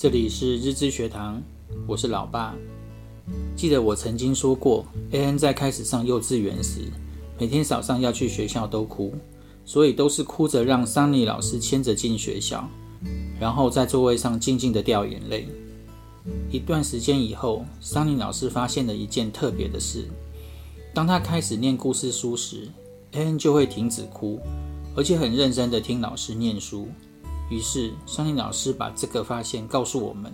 這裡是日知學堂，我是老爸。記得我曾經說過，An 在開始上幼稚園時，每天早上要去學校都哭，所以都是哭着讓 Sunny 老師牽着進學校，然後在座位上靜靜地掉眼淚。一段時間以後，Sunny 老師發現了一件特別的事：當他開始念故事書時，An 就會停止哭，而且很認真地聽老師念書。於是，尚信老師把這個發現告訴我們。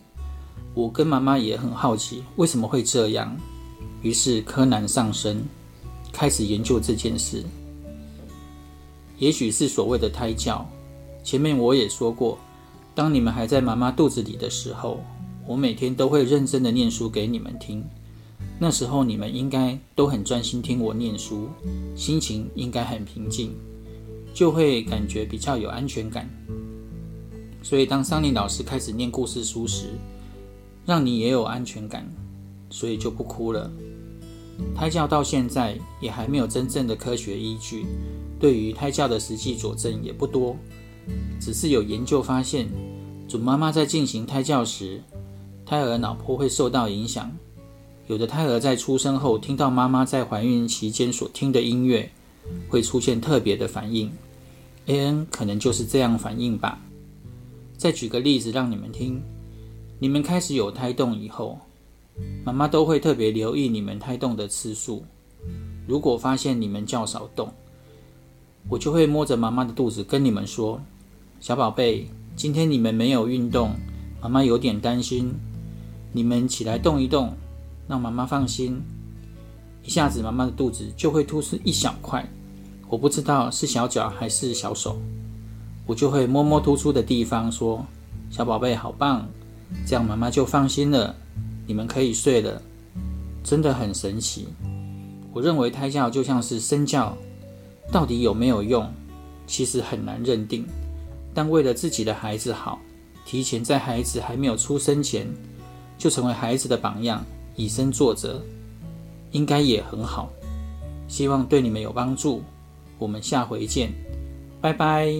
我跟媽媽也很好奇，為什麼會這樣？於是，柯南上身開始研究這件事。也許是所謂的胎教。前面我也說過，當你們還在媽媽肚子裡的時候，我每天都會認真的念書給你們聽。那時候你們應該都很專心聽我念書，心情應該很平靜，就會感覺比較有安全感。所以，當桑尼老師開始念故事書時，讓你也有安全感，所以就不哭了。胎教到現在也還沒有真正的科學依據，對於胎教的實際佐證也不多。只是有研究發現，準媽媽在進行胎教時，胎兒腦波會受到影響。有的胎兒在出生後聽到媽媽在懷孕期間所聽的音樂，會出現特別的反應。AN 可能就是這樣反應吧。再舉個例子讓你們聽，你們開始有胎動以後，媽媽都會特別留意你們胎動的次數。如果發現你們較少動，我就會摸着媽媽的肚子跟你們說：“小寶貝，今天你們沒有運動，媽媽有點擔心。你們起來動一動，讓媽媽放心。”一下子，媽媽的肚子就會突出一小塊，我不知道是小腳還是小手。我就會摸摸突出的地方，說：“小寶貝好棒！”這樣媽媽就放心了。你們可以睡了，真的很神奇。我認為胎教就像是身教，到底有沒有用，其實很難認定。但為了自己的孩子好，提前在孩子還沒有出生前就成為孩子的榜樣，以身作則，應該也很好。希望對你們有幫助。我們下回見，拜拜。